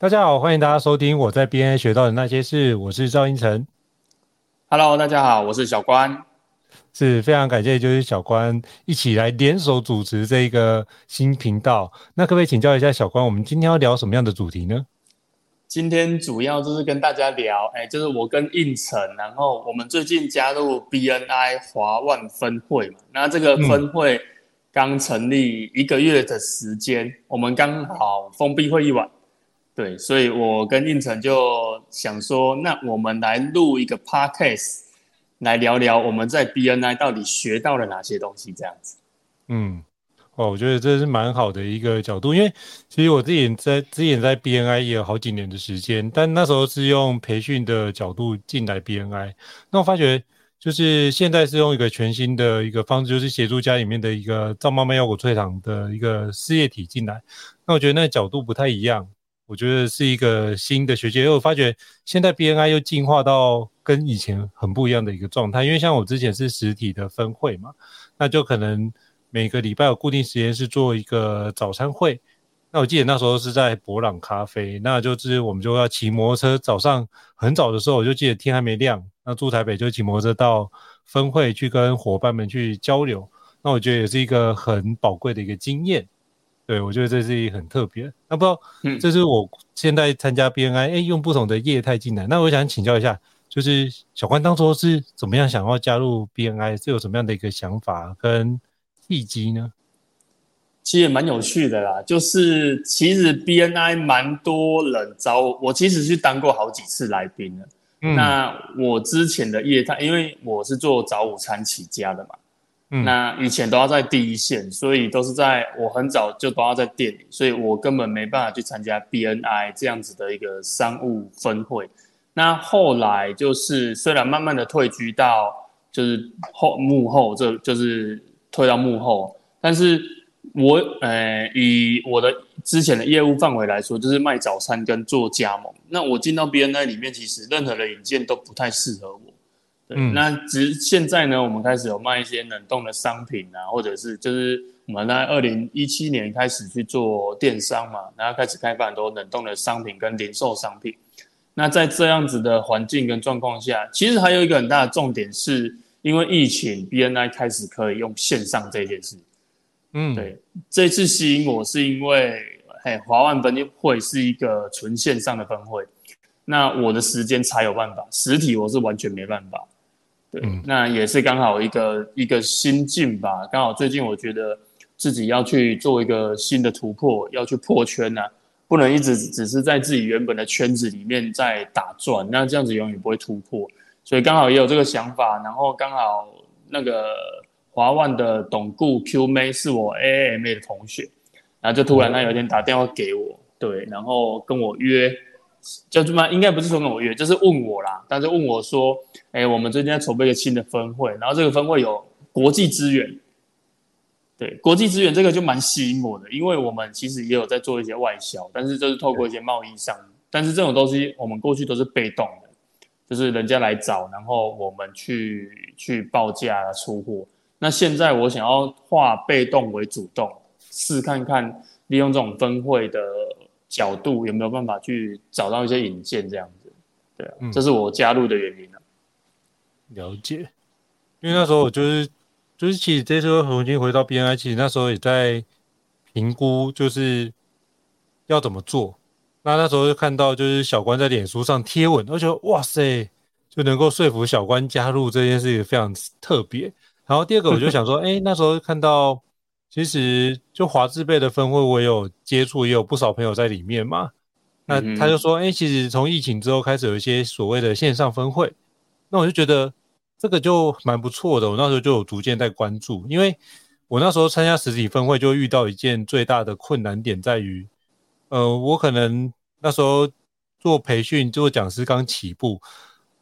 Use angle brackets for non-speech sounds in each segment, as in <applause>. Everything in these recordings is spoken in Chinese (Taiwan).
大家好，歡迎大家收聽我在 B N I 學到的那些事，我是趙胤丞。Hello，大家好，我是小關，是非常感謝就是小關一起來聯手主持這個新頻道。那可不可以請教一下小關，我們今天要聊什麼樣的主題呢？今天主要就是跟大家聊，哎、欸，就是我跟胤丞，然後我們最近加入 B N I 華萬分會嘛，那這個分會剛成立一個月的時間，嗯，我們剛好封閉會議完。對，所以我跟胤丞就想說，那我們來錄一個 podcast 來聊聊我們在 BNI 到底學到了哪些東西，這樣子。嗯，哦，我覺得這是蠻好的一個角度，因為其實我自己在之前在 BNI 也有好幾年的時間，但那時候是用培訓的角度進來 BNI，那我發覺就是現在是用一個全新的一個方式，就是協助家裡面的一個趙媽媽腰果脆糖的一個事業體進來，那我覺得那個角度不太一樣。我覺得是一個新的學界，因為我發覺現在 BNI 又進化到跟以前很不一樣的一個狀態。因為像我之前是實體的分會嘛，那就可能每個禮拜有固定時間是做一個早餐會。那我記得那時候是在伯朗咖啡，那就是我們就要騎摩托車，早上很早的時候，我就記得天還沒亮，那住台北就騎摩托車到分會去跟夥伴們去交流。那我覺得也是一個很寶貴的一個經驗。對，我覺得這是一個很特別。那、啊、不知道，這是我現在參加 BNI，哎、嗯，用不同的業態進來。那我想請教一下，就是小關當初是怎麼樣想要加入 BNI，是有什麼樣的一個想法跟契機呢？其實也蠻有趣的啦，就是其實 BNI 蠻多人找我，我其實是當過好幾次來賓的。嗯、那我之前的業態，因為我是做早午餐起家的嘛。嗯，那以前都要在第一線，所以都是在我很早就都要在店裡，所以我根本沒辦法去參加 BNI 這樣子的一個商務分會。那後來就是雖然慢慢的退居到就是後幕後，這就是退到幕後，但是我呃以我的之前的業務範圍來說，就是賣早餐跟做加盟。那我進到 BNI 裡面，其實任何的引薦都不太適合我。對，那其實現在呢，我們開始有賣一些冷凍的商品啊、嗯，或者是就是我們在二零一七年開始去做電商嘛，然後開始開發很多冷凍的商品跟零售商品。那在這樣子的環境跟狀況下，其實還有一個很大的重點是，因為疫情，BNI 開始可以用線上這件事。嗯，對，這次吸引我是因為，嘿，華萬分會是一個純線上的分會，那我的時間才有辦法，實體我是完全沒辦法。對，那也是剛好一個、嗯、一個心境吧。剛好最近我覺得自己要去做一個新的突破，要去破圈吶、啊，不能一直只是在自己原本的圈子裡面在打轉，那這樣子永遠不會突破。所以剛好也有這個想法，然後剛好那個華萬的董顧 QMA 是我 AMA 的同學，然後就突然他有一天打電話給我，嗯、對，然後跟我約。叫什麼？應該不是說跟我約，就是問我啦。但是問我說：“哎、欸，我們最近在籌備一個新的分會，然後這個分會有國際資源。”對，國際資源這個就蠻吸引我的，因為我們其實也有在做一些外銷，但是就是透過一些貿易商。但是這種東西我們過去都是被動的，就是人家來找，然後我們去去報價出貨。那現在我想要化被動為主動，試看看利用這種分會的。角度有沒有辦法去找到一些引薦這樣子？對啊、嗯，這是我加入的原因、啊、了解，因為那時候我就是，嗯、就是其實這時候重新回到 B N I，其實那時候也在評估，就是要怎麼做。那那時候就看到就是小關在臉書上貼文，而且哇塞，就能夠說服小關加入這件事情非常特別。然後第二個我就想說，哎、欸，那時候看到。其實就華智輩的分會，我也有接觸，也有不少朋友在裡面嘛。嗯嗯，那他就說，哎、欸，其實從疫情之後開始，有一些所謂的線上分會。那我就覺得這個就蠻不錯的。我那時候就有逐漸在關注，因為我那時候參加實體分會，就遇到一件最大的困難點在於，呃，我可能那時候做培訓，做講師剛起步，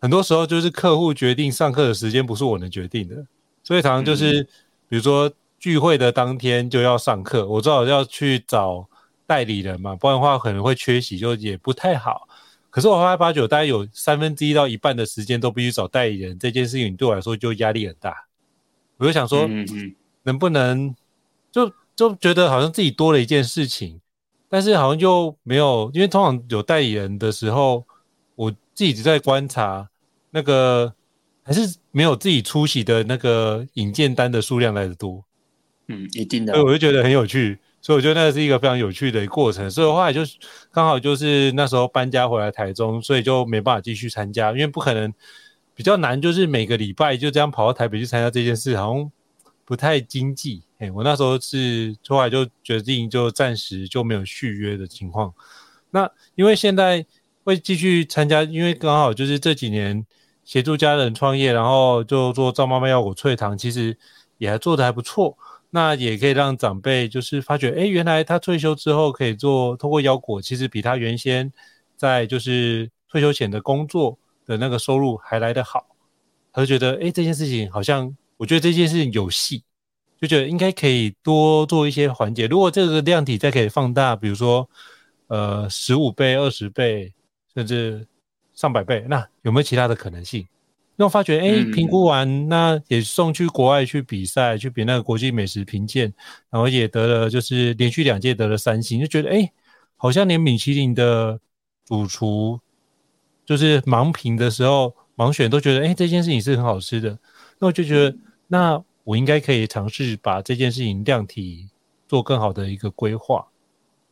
很多時候就是客戶決定上課的時間，不是我能決定的。所以，常常就是、嗯、比如說。聚會的當天就要上課，我正好要去找代理人嘛，不然的話可能會缺席，就也不太好。可是我後來發覺，大概有三分之一到一半的時間都必須找代理人，這件事情對我來說就壓力很大。我就想說，嗯，能不能就嗯嗯嗯就，就覺得好像自己多了一件事情，但是好像就沒有，因為通常有代理人的時候，我自己一直在觀察那個還是沒有自己出席的那個引薦單的數量來得多。嗯，一定的。所以我就覺得很有趣，所以我覺得那是一個非常有趣的過程。所以後來就剛好就是那時候搬家回來台中，所以就沒辦法繼續參加，因為不可能比較難，就是每個禮拜就這樣跑到台北去參加這件事，好像不太經濟。哎，我那時候是後來就決定就暫時就沒有續約的情況。那因為現在會繼續參加，因為剛好就是這幾年協助家人創業，然後就做趙媽媽腰果脆糖，其實也還做得還不錯。那也可以讓長輩就是發覺，哎，原來他退休之後可以做，透過腰果，其實比他原先在就是退休前的工作的那個收入還來得好。他就覺得，哎，這件事情好像，我覺得這件事情有戲，就覺得應該可以多做一些環節。如果這個量體再可以放大，比如說，呃，十五倍、二十倍，甚至上百倍，那有沒有其他的可能性？那我發覺，誒，評估完，那也送去國外去比賽，嗯，去比那個國際美食評鑑，然後也得了，就是連續兩屆得了三星，就覺得，哎，好像連米其林的主廚，就是盲評的時候，盲選都覺得，哎，這件事情是很好吃的。那我就覺得，那我應該可以嘗試把這件事情量體，做更好的一個規劃。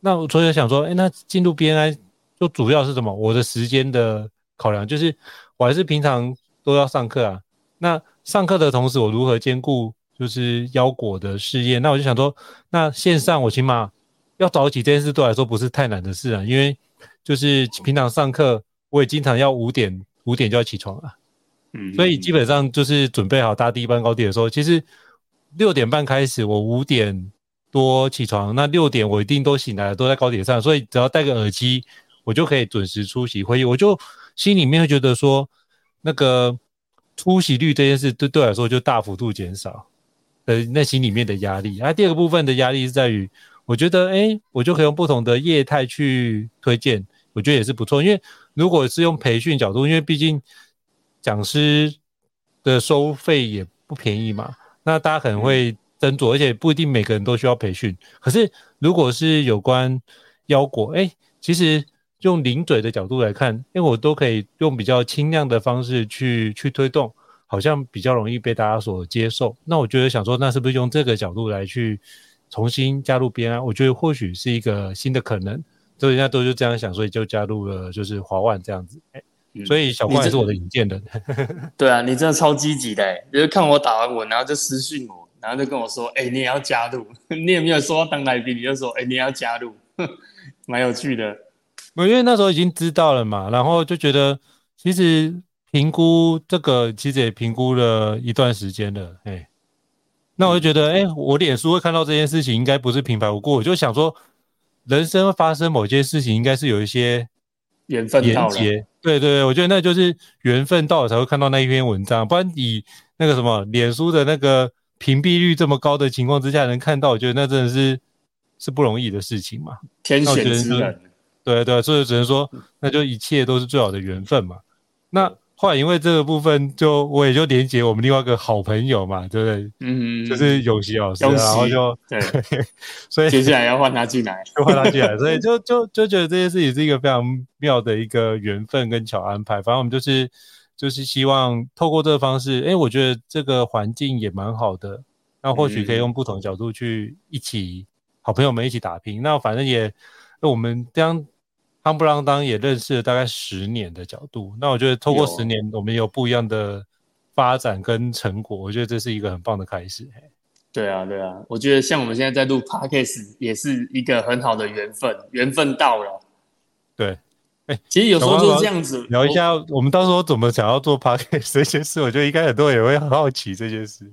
那我突然想說，哎，那進入 BNI 就主要是什麼？我的時間的考量，就是我還是平常。都要上課啊，那上課的同時，我如何兼顧就是腰果的事業？那我就想說，那線上我起碼要早起，這件事對我來說不是太難的事啊。因為就是平常上課，我也經常要五點五點就要起床啊。嗯，所以基本上就是準備好搭第一班高鐵的時候，其實六點半開始，我五點多起床，那六點我一定都醒來了，都在高鐵上，所以只要戴個耳機，我就可以準時出席會議。我就心裡面會覺得說，那個出席率這件事，對對來說就大幅度減少，呃，內心裡面的壓力。那，第二個部分的壓力是在於，我覺得，哎，我就可以用不同的業態去推薦，我覺得也是不錯。因為如果是用培訓角度，因為畢竟講師的收費也不便宜嘛，那大家可能會斟酌，而且不一定每個人都需要培訓。可是如果是有關腰果，哎，其實。用零嘴的角度來看，因為我都可以用比較輕量的方式去去推動，好像比較容易被大家所接受。那我覺得想說，那是不是用這個角度來去重新加入 BNI？我覺得或許是一個新的可能。所以人家都就這樣想，所以就加入了，就是華萬這樣子。欸嗯、所以小關也是我的引薦人，這個。對啊，你真的超積極的，欸，就如、是、看我打完我，然後就私訊我，然後就跟我說：“哎、欸，你也要加入？” <laughs> 你也沒有說要當來賓？你就說：“哎、欸，你也要加入。 <laughs> ”蠻有趣的。我因為那時候已經知道了嘛，然後就覺得其實評估這個其實也評估了一段時間了，欸、那我就覺得，哎、欸，我臉書會看到這件事情應該不是平白無故，我就想說，人生會發生某些事情應該是有一些緣分到咧。對對，我覺得那就是緣分到了才會看到那一篇文章，不然以那個什麼臉書的那個屏蔽率這麼高的情況之下能看到，我覺得那真的是是不容易的事情嘛，天選之人。對對，所以只能說，那就一切都是最好的緣分嘛。那後來因為這個部分就，就我也就連接我們另外一個好朋友嘛，對不對？嗯，嗯。就是永希老師，然後就對， <laughs> 所以接下來要換他進來，就換他進來， <laughs> 所以就就就覺得這件事情是一個非常妙的一個緣分跟巧安排。反正我們就是就是希望透過這個方式，哎、欸，我覺得這個環境也蠻好的，那或許可以用不同角度去一起好朋友們一起打拼。嗯、那反正也，那、呃、我們這樣。當不啷噹也認識了大概十年的角度，那我覺得透過十年，我們有不一樣的發展跟成果，我覺得這是一個很棒的開始。對啊，對啊，我覺得像我們現在在錄 Podcast 也是一個很好的緣分，緣分到了。對，哎，其實有時候就是這樣子。聊一下，我們當時候怎麼想要做 Podcast 這些事，我覺得應該很多人也會很好奇這些事。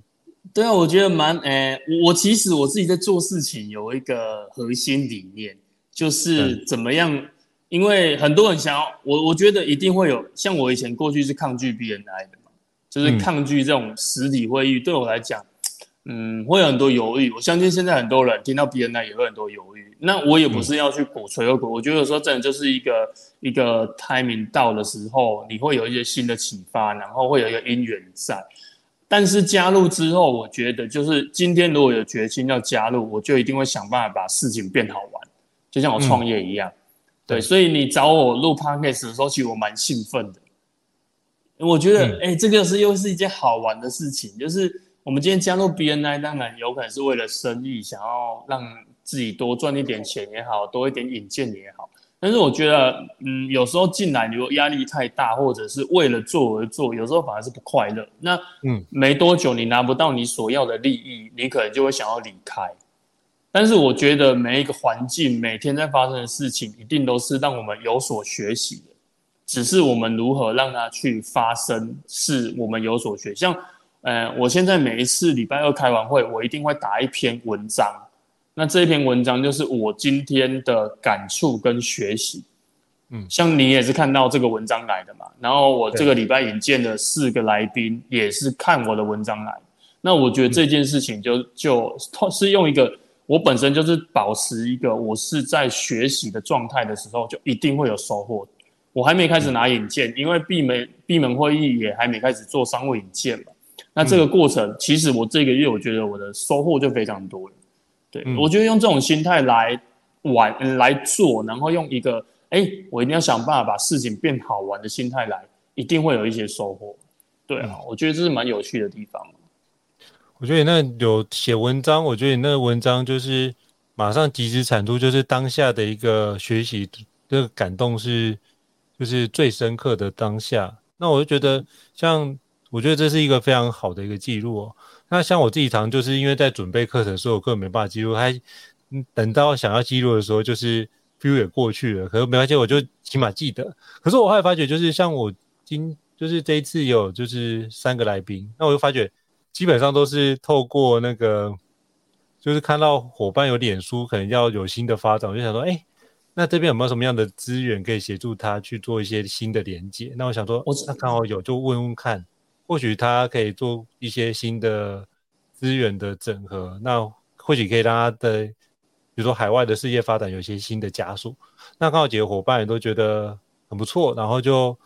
對啊，我覺得蠻哎，我其實我自己在做事情有一個核心理念，就是怎麼樣、嗯。因為很多人想要我，我覺得一定會有像我以前過去是抗拒 BNI 的嘛，就是抗拒這種實體會議。嗯、對我來講，嗯，會有很多猶豫。我相信現在很多人聽到 BNI 也會很多猶豫。那我也不是要去鼓吹和鼓，我覺得有時候真的就是一個一個 timing 到的時候，你會有一些新的啟發，然後會有一個因緣在。但是加入之後，我覺得就是今天如果有決心要加入，我就一定會想辦法把事情變好玩，就像我創業一樣。嗯嗯。對，所以你找我錄 podcast 的時候，其實我蠻興奮的。我覺得，哎、嗯欸，這個是又是一件好玩的事情。就是我們今天加入 BNI，當然有可能是為了生意，想要讓自己多賺一點錢也好，多一點引薦也好。但是我覺得，嗯，有時候進來如果壓力太大，或者是為了做而做，有時候反而是不快樂。那嗯，沒多久你拿不到你所要的利益，你可能就會想要離開。但是我覺得每一個環境，每天在發生的事情，一定都是讓我們有所學習的，只是我們如何讓它去發生，是我們有所學。像，呃，我現在每一次禮拜二開完會，我一定會打一篇文章，那這篇文章就是我今天的感觸跟學習。嗯，像你也是看到這個文章來的嘛？然後我這個禮拜引薦的四個來賓也是看我的文章來的。嗯。那我覺得這件事情就就，是用一個。我本身就是保持一個我是在學習的狀態的時候，就一定會有收穫。我還沒開始拿引薦，因為閉門閉門會議也還沒開始做商務引薦嘛。那這個過程，其實我這個月我覺得我的收穫就非常多了。對，我覺得用這種心態來玩來做，然後用一個誒，我一定要想辦法把事情變好玩的心態來，一定會有一些收穫。對啊，我覺得這是蠻有趣的地方。我覺得那有寫文章，我覺得那文章就是馬上即時產出，就是當下的一個學習，那個感動是就是最深刻的當下。那我就覺得，像我覺得這是一個非常好的一個記錄哦。那像我自己常就是因為在準備課程，所有課沒辦法記錄，還等到想要記錄的時候，就是 feel 也過去了。可是沒關係，我就起碼記得。可是我還發覺，就是像我今就是這一次有就是三個來賓，那我就發覺。基本上都是透過那個，就是看到夥伴有臉書，可能要有新的發展，我就想說，哎、欸，那這邊有沒有什麼樣的資源可以協助他去做一些新的連接？那我想說，那剛好有，就問問看，或許他可以做一些新的資源的整合，那或許可以讓他的，比如說海外的事業發展有一些新的加速。那剛好幾個夥伴也都覺得很不錯，然後就。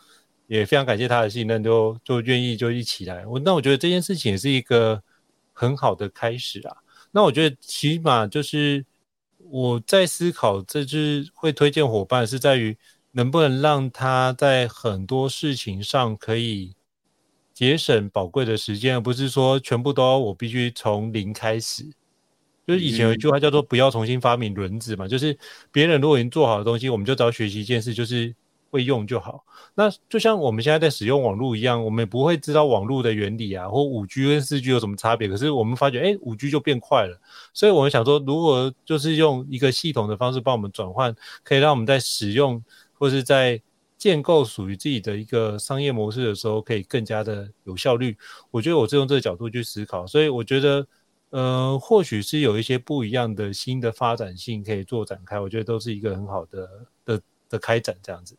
也非常感謝他的信任就、就就願意就一起來。我那我覺得這件事情也是一個很好的開始啊。那我覺得起碼就是我在思考，這就是會推薦夥伴是在於能不能讓他在很多事情上可以節省寶貴的時間，而不是說全部都要我必須從零開始。就是以前有一句話叫做“不要重新發明輪子嘛”嘛，嗯，就是別人如果已經做好的東西，我們就只要學習一件事，就是。會用就好，那就像我們現在在使用網絡一樣，我們也不會知道網絡的原理啊，或五 G 跟四 G 有什麼差別。可是我們發覺，哎、欸，五 G 就變快了。所以我們想說，如果就是用一個系統的方式幫我們轉換，可以讓我們在使用或是在建構屬於自己的一個商業模式的時候，可以更加的有效率。我覺得我是用這個角度去思考，所以我覺得，嗯、呃，或許是有一些不一樣的新的發展性可以做展開。我覺得都是一個很好的的的開展這樣子。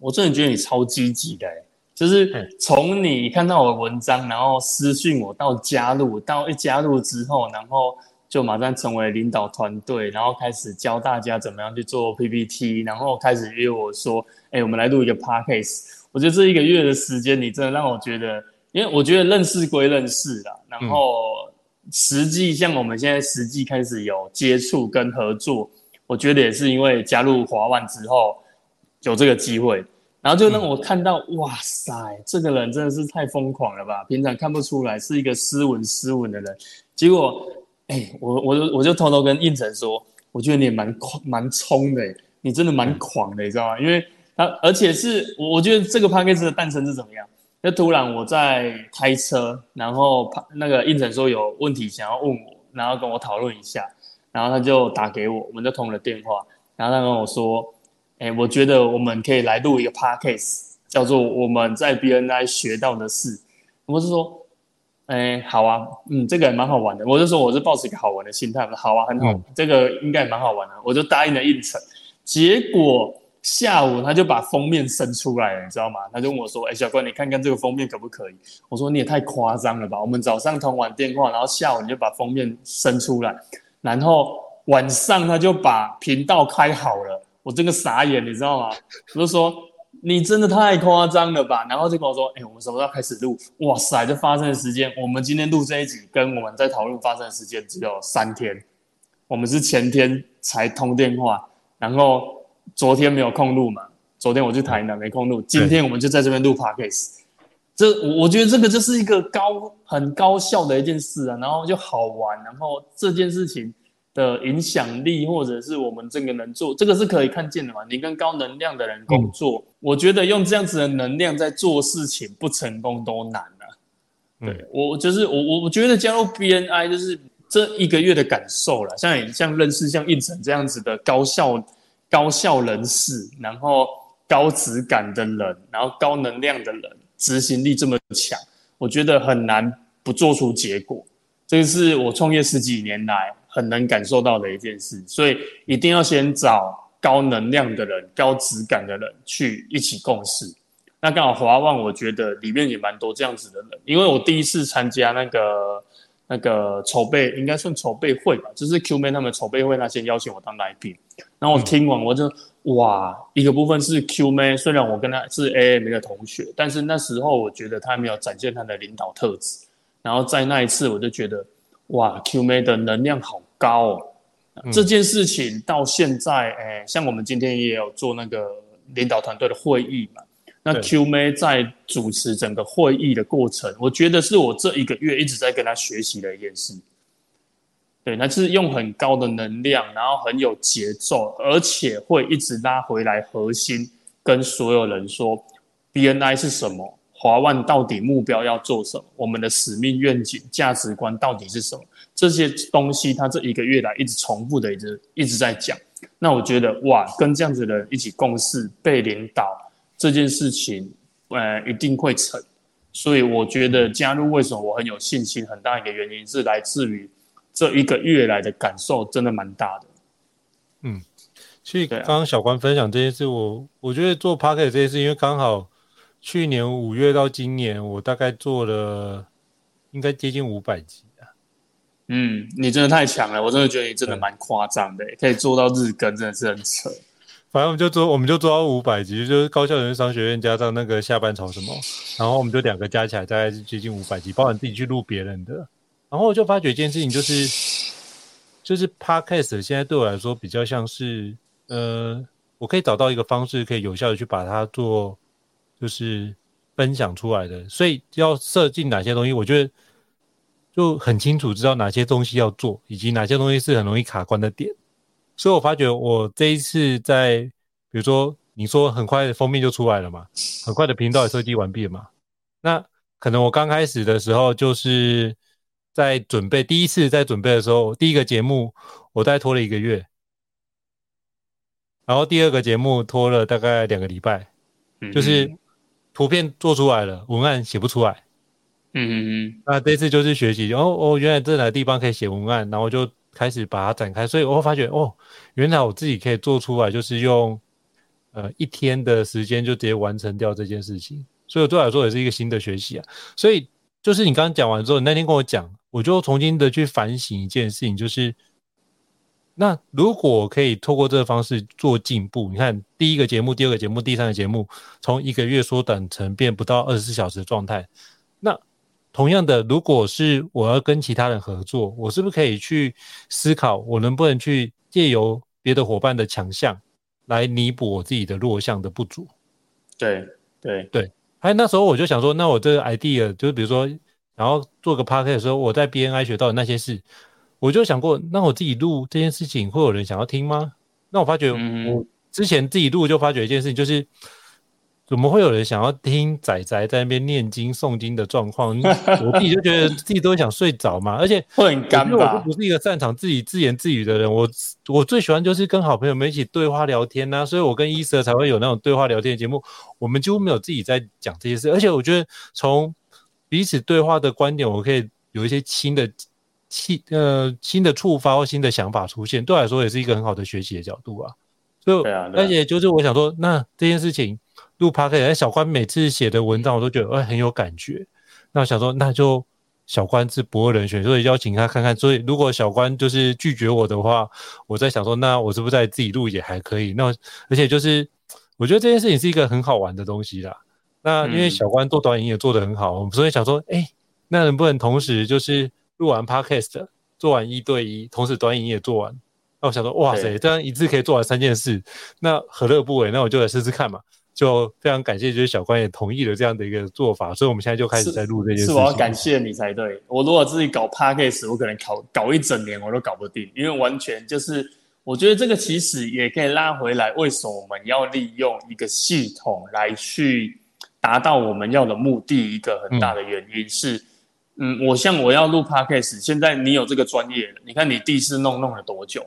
我真的覺得你超積極的、欸，就是從你看到我的文章，然後私訊我到加入，到一加入之後，然後就馬上成為領導團隊，然後開始教大家怎麼樣去做 PPT，然後開始約我說，哎、欸，我們來錄一個 Podcast。我覺得這一個月的時間，你真的讓我覺得，因為我覺得認識歸認識啦。然後實際像我們現在實際開始有接觸跟合作，我覺得也是因為加入華萬之後。有這個機會，然後就讓我看到、嗯，哇塞，這個人真的是太瘋狂了吧！平常看不出來是一個斯文斯文的人，結果，誒、欸，我我就我就偷偷跟胤丞說，我覺得你也蠻狂蠻衝的，你真的蠻狂的，你知道嗎？因為他、啊、而且是，我我覺得這個 Podcast 的誕生是怎麼樣？就突然我在開車，然後那個胤丞說有問題想要問我，然後跟我討論一下，然後他就打給我，我們就通了電話，然後他跟我說。哎、欸，我覺得我們可以來錄一個 podcast 叫做“我們在 B N I 學到的事”。我是說，哎、欸，好啊，嗯，這個也蠻好玩的。我就說，我是抱着一個好玩的心態。好啊，很好，嗯、這個應該蠻好玩的。我就答應了胤丞。結果下午他就把封面伸出來了，你知道嗎？他就問我說：“哎、欸，小關，你看看這個封面可不可以？”我說：“你也太誇張了吧！”我們早上通完電話，然後下午你就把封面伸出來，然後晚上他就把頻道開好了。我真的傻眼，你知道嗎？我就說，你真的太誇張了吧！然後就跟我說，哎、欸，我們什麼時候要開始錄？哇塞，這發生的時間，我們今天錄這一集，跟我們在討論發生的時間只有三天。我們是前天才通電話，然後昨天沒有空錄嘛？昨天我去台南、嗯、沒空錄，今天我們就在這邊錄 Podcast。這，我我覺得這個就是一個高很高效的一件事啊，然後就好玩，然後這件事情。的影響力，或者是我們這個能做這個是可以看見的嘛？你跟高能量的人工作，嗯，我覺得用這樣子的能量在做事情，不成功都難了，啊嗯。對我就是我，我我覺得加入 BNI 就是這一個月的感受了。像像認識像胤丞這樣子的高效高效人士，然後高質感的人，然後高能量的人，執行力這麼強，我覺得很難不做出結果。這個是我創業十幾年來很能感受到的一件事，所以一定要先找高能量的人、高質感的人去一起共事。那剛好華萬，我覺得裡面也蠻多這樣子的人。因為我第一次參加那個那個籌備，應該算籌備會吧，就是 Q 妹他們籌備會，他先邀請我當來賓。然後我聽完，我就哇，一個部分是 Q 妹，雖然我跟他是 AM 的同學，但是那時候我覺得他沒有展現他的領導特質。然後在那一次，我就覺得。哇，Q 妹的能量好高哦！嗯、這件事情到現在，哎，像我們今天也有做那個領導團隊的會議嘛。那 Q 妹在主持整個會議的過程，我覺得是我這一個月一直在跟他學習的一件事。對，那是用很高的能量，然後很有節奏，而且會一直拉回來核心，跟所有人說 BNI 是什麼。華萬到底目標要做什麼？我們的使命、願景、價值觀到底是什麼？這些東西，他這一個月來一直重複的，一直一直在講。那我覺得，哇，跟這樣子的人一起共事，被領導這件事情，呃，一定會成。所以我覺得加入為什麼我很有信心，很大一個原因是來自於這一個月來的感受，真的蠻大的。嗯，所以剛剛小關分享這些事，我我覺得做 podcast 這些事，因為剛好。去年五月到今年，我大概做了，應該接近五百集啊。嗯，你真的太強了，我真的覺得你真的蠻誇張的，可以做到日更，真的是很扯。反正我們就做，我們就做到五百集，就是高效人生商學院加上那個下半場什麼，然後我們就兩個加起來大概是接近五百集，包括自己去錄別人的。然後我就發覺一件事情，就是就是 Podcast 現在對我來說比較像是，呃，我可以找到一個方式，可以有效的去把它做。就是分享出來的，所以要設計哪些東西，我覺得就很清楚，知道哪些東西要做，以及哪些東西是很容易卡關的點。所以我發覺，我這一次在，比如說你說很快的封面就出來了嘛，很快的頻道也設計完畢了嘛。那可能我剛開始的時候，就是在準備第一次在準備的時候，第一個節目我大概拖了一個月，然後第二個節目拖了大概兩個禮拜，就是。圖片做出來了，文案寫不出來。嗯嗯嗯，那這次就是學習，然後哦，原來這哪個地方可以寫文案，然後就開始把它展開。所以，我發覺哦，原來我自己可以做出來，就是用呃一天的時間就直接完成掉這件事情。所以，對我來說也是一個新的學習啊。所以，就是你剛剛講完之後，你那天跟我講，我就重新的去反省一件事情，就是。那如果可以透過這個方式做進步，你看第一個節目、第二個節目、第三個節目，從一個月縮短成變不到二十四小時的狀態。那同樣的，如果是我要跟其他人合作，我是不是可以去思考，我能不能去借由別的伙伴的強項，來彌補我自己的弱項的不足對？對對對。還有，哎，那時候我就想說，那我這個 idea，就比如說，然後做個 podcast 的時候，我在 BNI 學到的那些事。我就想過，那我自己錄這件事情，會有人想要聽嗎？那我發覺，我之前自己錄就發覺一件事情，就是、嗯、怎麼會有人想要聽仔仔在那邊念經誦經的狀況？ <laughs> 我自己就覺得自己都會想睡着嘛， <laughs> 而且會很乾吧。我就不是一個擅長自己自言自語的人，我我最喜歡就是跟好朋友們一起對話聊天吶、啊。所以我跟伊瑟才會有那種對話聊天的節目，我們幾乎沒有自己在講這些事。而且我覺得從彼此對話的觀點，我可以有一些新的。新呃新的觸發或新的想法出現，對我來說也是一個很好的學習的角度啊。所以，對啊對啊，而且就是我想說，那這件事情錄趴可以小關每次寫的文章我都覺得哎、欸、很有感覺。那我想說，那就小關是不二人選，所以邀請他看看。所以如果小關就是拒絕我的話，我在想說，那我是不是在自己錄也還可以？那而且就是我覺得這件事情是一個很好玩的東西啦。那因為小關做短影也做得很好，我、嗯、們所以想說，哎、欸，那能不能同時就是。錄完 podcast，做完一對一，同時短影也做完。那我想說，哇塞，這樣一次可以做完三件事，那何樂不為？那我就來試試看嘛。就非常感謝，就是小關也同意了這樣的一個做法，所以我們現在就開始在錄這件事。是，是我要感謝你才對。我如果自己搞 podcast，我可能搞搞一整年我都搞不定，因為完全就是我覺得這個其實也可以拉回來。為什麼我們要利用一個系統來去達到我們要的目的？一個很大的原因是。嗯嗯，我像我要錄 podcast，現在你有這個專業了，你看你第一次弄弄了多久，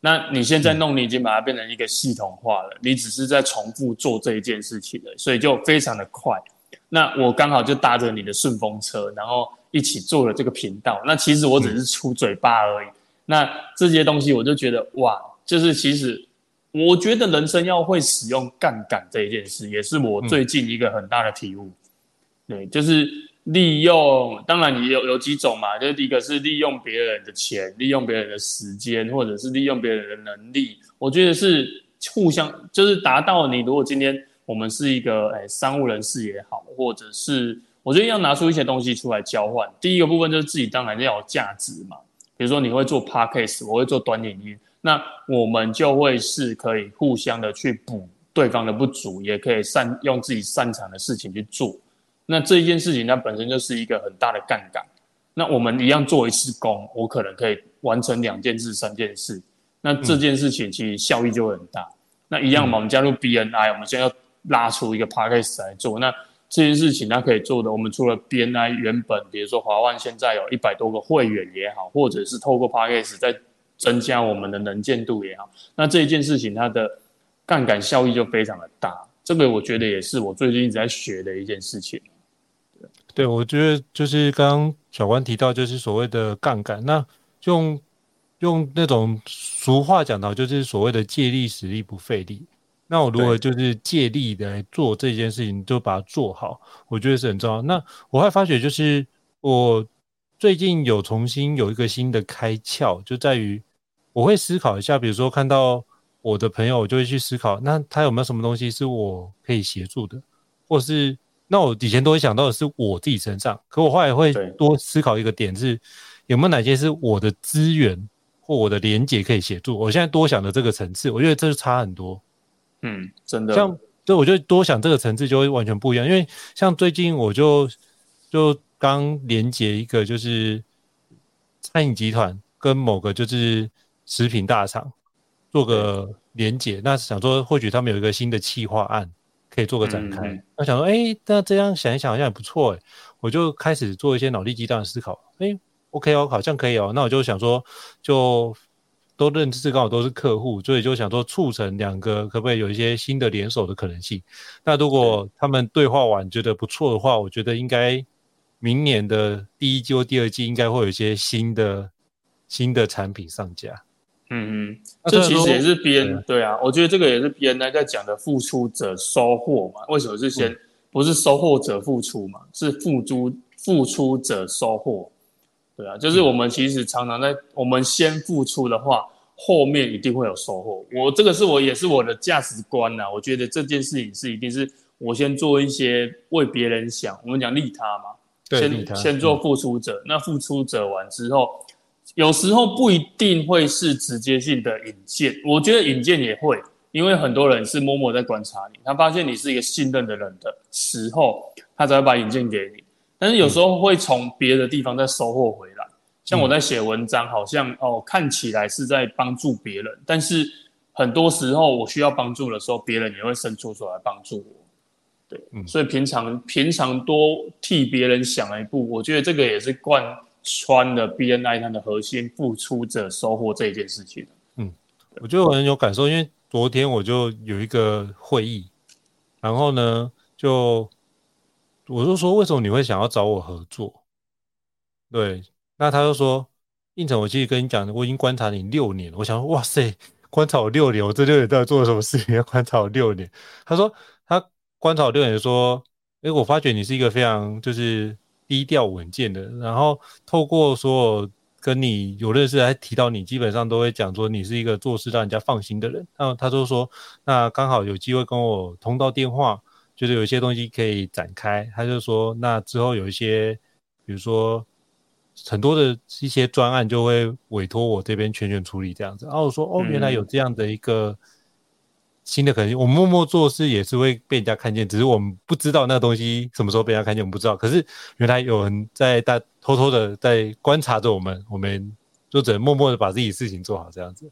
那你現在弄，你已經把它變成一個系統化了，嗯、你只是在重複做這一件事情了，所以就非常的快。那我剛好就搭着你的順風車，然後一起做了這個頻道。那其實我只是出嘴巴而已。嗯、那這些東西，我就覺得哇，就是其實我覺得人生要會使用槓桿這一件事，也是我最近一個很大的體悟。嗯、對，就是。利用當然也，你有有幾種嘛？就第一個是利用別人的錢，利用別人的時間，或者是利用別人的能力。我覺得是互相，就是達到你。如果今天我們是一個誒、欸、商務人士也好，或者是我覺得要拿出一些東西出來交換。第一個部分就是自己當然要有價值嘛。比如說你會做 podcast，我會做短影音，那我們就會是可以互相的去補對方的不足，也可以善用自己擅長的事情去做。那這一件事情，它本身就是一個很大的槓桿。那我們一樣做一次工，我可能可以完成兩件事，三件事。那這件事情其實效益就會很大。那一樣嘛，我們加入 BNI，我們現在要拉出一個 Podcast 來做。那這件事情它可以做的，我們除了 BNI 原本，比如說華萬現在有一百多個會員也好，或者是透過 Podcast 在增加我們的能見度也好。那這一件事情它的槓桿效益就非常的大。這個我覺得也是我最近一直在學的一件事情。對，我覺得就是剛剛小關提到，就是所謂的槓桿。那用用那種俗話講的就是所謂的借力使力不費力。那我如何就是借力來做這件事情，就把它做好，我覺得是很重要。那我會發覺，就是我最近有重新有一個新的開竅，就在於我會思考一下，比如說看到我的朋友，我就會去思考，那他有沒有什麼東西是我可以協助的，或是。那我以前都會想到的是我自己身上，可我後來會多思考一個點是，有沒有哪些是我的資源或我的連接可以協助？我現在多想的這個層次，我覺得這就差很多。嗯，真的。像，我就我覺得多想這個層次就會完全不一樣。因為像最近我就就剛連接一個就是餐飲集團跟某個就是食品大廠做個連接，那想說或許他們有一個新的企劃案。可以做個展開。我、嗯、想說，哎、欸，那這樣想一想好像也不錯哎、欸，我就開始做一些腦力激盪的思考。哎、欸、OK 哦，好像可以哦。那我就想說，就都認識剛好都是客戶，所以就想說促成兩個可不可以有一些新的聯手的可能性。那如果他們對話完覺得不錯的話，我覺得應該明年的第一季或第二季應該會有一些新的新的產品上架。嗯嗯，這其實也是 BNI、啊嗯，對啊，我覺得這個也是 BNI，呢在講的付出者收穫嘛。為什麼是先、嗯、不是收穫者付出嘛？是付諸付出者收穫，對啊，就是我們其實常常在、嗯、我們先付出的話，後面一定會有收穫。我這個是我也是我的價值觀吶、啊，我覺得這件事情是一定是我先做一些為別人想，我們講利他嘛，對，先他先做付出者、嗯。那付出者完之後。有時候不一定會是直接性的引薦，我覺得引薦也會，因為很多人是默默在觀察你，他發現你是一個信任的人的時候，他才會把引薦給你。但是有時候會從別的地方再收穫回來，像我在寫文章，好像哦看起來是在幫助別人，但是很多時候我需要幫助的時候，別人也會伸出手來幫助我。對，所以平常平常多替別人想一步，我覺得這個也是慣。穿的 BNI 它的核心付出者收穫這件事情，嗯，我覺得我很有感受，因為昨天我就有一個會議，然後呢，就我就說為什麼你會想要找我合作？對，那他就說胤丞，我其實跟你講我已經觀察你六年了，我想哇塞，觀察我六年，我這六年到底做了什麼事情？要觀察我六年，他說他觀察我六年說，說、欸、哎，我發覺你是一個非常就是。低調穩健的，然後透過說跟你有認識，還提到你基本上都會講說你是一個做事讓人家放心的人。然後、啊、他就說，那剛好有機會跟我通到電話，就是有一些東西可以展開。他就說，那之後有一些，比如說很多的一些專案就會委託我這邊全權處理這樣子。然後我說，嗯、哦，原來有這樣的一個。新的可能性，我們默默做事也是會被人家看見，只是我們不知道那個東西什麼時候被人家看見，我們不知道。可是原來有人在在偷偷的在觀察着我們，我們就只能默默的把自己事情做好這樣子。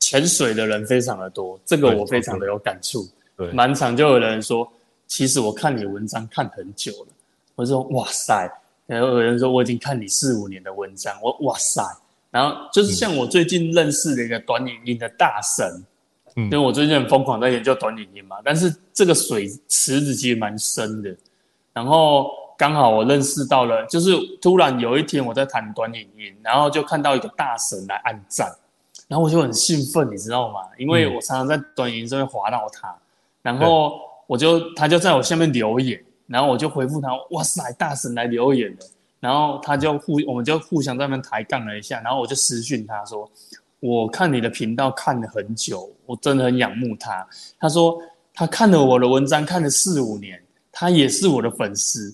潛水的人非常的多，這個我非常的有感觸。對、啊，蠻常就有人說，其實我看你的文章看很久了，我就說哇塞，然後有人說我已經看你四五年的文章，我哇塞，然後就是像我最近認識的一個短影音的大神，因、嗯、為我最近很瘋狂在研究短影音嘛，但是這個水池子其實蠻深的，然後剛好我認識到了，就是突然有一天我在談短影音，然後就看到一個大神來按讚，然後我就很興奮，你知道嗎？因為我常常在短影音上面滑到他，然後我就他就在我下面留言，然後我就回復他，哇塞，大神來留言了，然後他就互，我們就互相在那邊抬槓了一下，然後我就私訊他說，我看你的頻道看了很久，我真的很仰慕他。他說他看了我的文章看了四五年，他也是我的粉絲。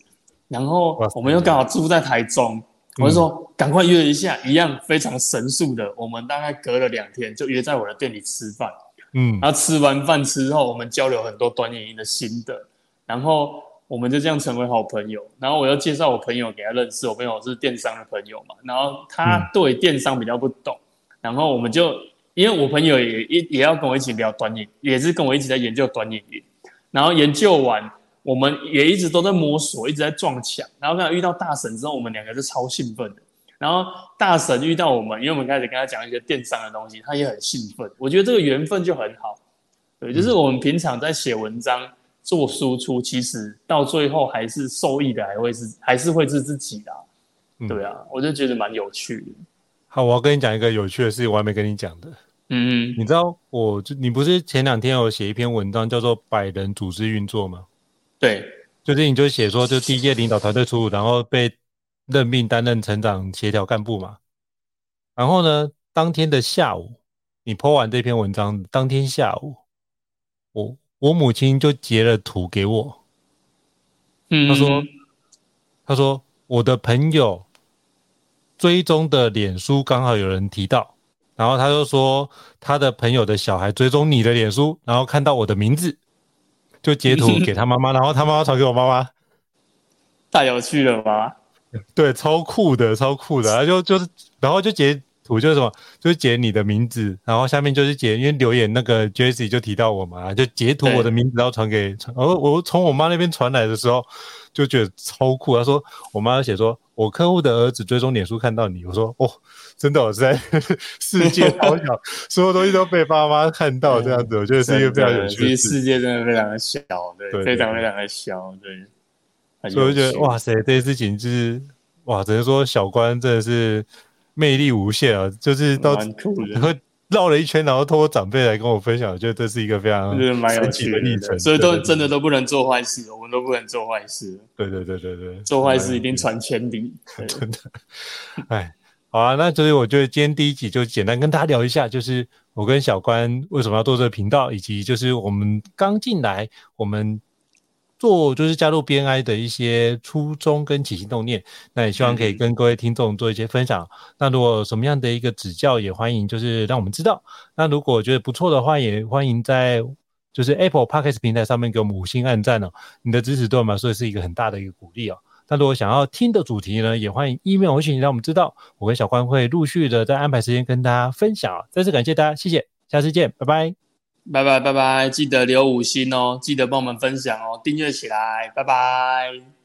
然後我們又剛好住在台中，我就說、嗯、趕快約一下，一樣非常神速的。我們大概隔了兩天就約在我的店裡吃飯。嗯，然後吃完飯之後，我們交流很多短影音的心得，然後我們就這樣成為好朋友。然後我又介紹我朋友給他認識，我朋友我是電商的朋友嘛，然後他對電商比較不懂。嗯然後我們就，因為我朋友也一也要跟我一起聊短影，也是跟我一起在研究短影音。然後研究完，我們也一直都在摸索，一直在撞牆。然後看到遇到大神之後，我們兩個是超興奮的。然後大神遇到我們，因為我們開始跟他講一些電商的東西，他也很興奮。我覺得這個緣分就很好，對、嗯，就是我們平常在寫文章、做輸出，其實到最後還是受益的，還會是還是會是自己的、啊嗯，對啊，我就覺得蠻有趣的。好，我要跟你講一個有趣的事情，我還沒跟你講的。嗯，你知道，我就你不是前兩天有寫一篇文章，叫做《百人組織運作》嗎？對，就是你就寫說，就第一屆領導團隊出爐，然後被任命擔任成長協調幹部嘛。然後呢，當天的下午，你 PO 完這篇文章，當天下午，我我母親就截了圖給我。嗯，他說，他說我的朋友。追蹤的臉書剛好有人提到，然後他就說他的朋友的小孩追蹤你的臉書，然後看到我的名字，就截圖給他媽媽， <laughs> 然後他媽媽傳給我媽媽，太有趣了吧。對，超酷的，超酷的，啊、就就是，然後就截圖就是什麼，就是截你的名字，然後下面就是截，因為留言那個 Jesse 就提到我嘛，就截圖我的名字，然後傳給、啊、我我從我媽那邊傳來的時候就覺得超酷，他說我媽寫說。我客戶的兒子追蹤臉書看到你，我說哦，真的，哦，我是在 <laughs> 世界好小， <laughs> 所有東西都被爸媽看到， <laughs> 這樣子，我覺得是一個非常有趣。嗯、世界真的非常的小對，對，非常非常的小對，對。所以我覺得，嗯、哇塞，這些事情就是，哇，只能說小關真的是魅力無限啊，就是到。蠻酷繞了一圈，然後通過長輩來跟我分享，我覺得這是一個非常就是蠻有趣的歷程。所以都對對，真的都不能做壞事，我們都不能做壞事。對對對對對，做壞事一定傳千里。真的，對 <laughs> 哎，好啊，那所以我覺得今天第一集就簡單跟大家聊一下， <laughs> 就是我跟小關為什麼要做這個頻道，以及就是我們剛進來，我們。做就是加入 BNI 的一些初衷跟起心動念，那也希望可以跟各位聽眾做一些分享，嗯。那如果什麼樣的一個指教也歡迎，就是讓我們知道。那如果覺得不錯的話，也歡迎在就是 Apple Podcast 平台上面給我們五星按讚哦。你的支持對我們來說也是一個很大的一個鼓勵哦。那如果想要聽的主題呢，也歡迎 email 我們選，讓我們知道。我跟小關會陸續的在安排時間跟大家分享。再次感謝大家，謝謝，下次見，拜拜。拜拜，拜拜，記得留五星哦，記得幫我們分享哦，訂閱起來，拜拜。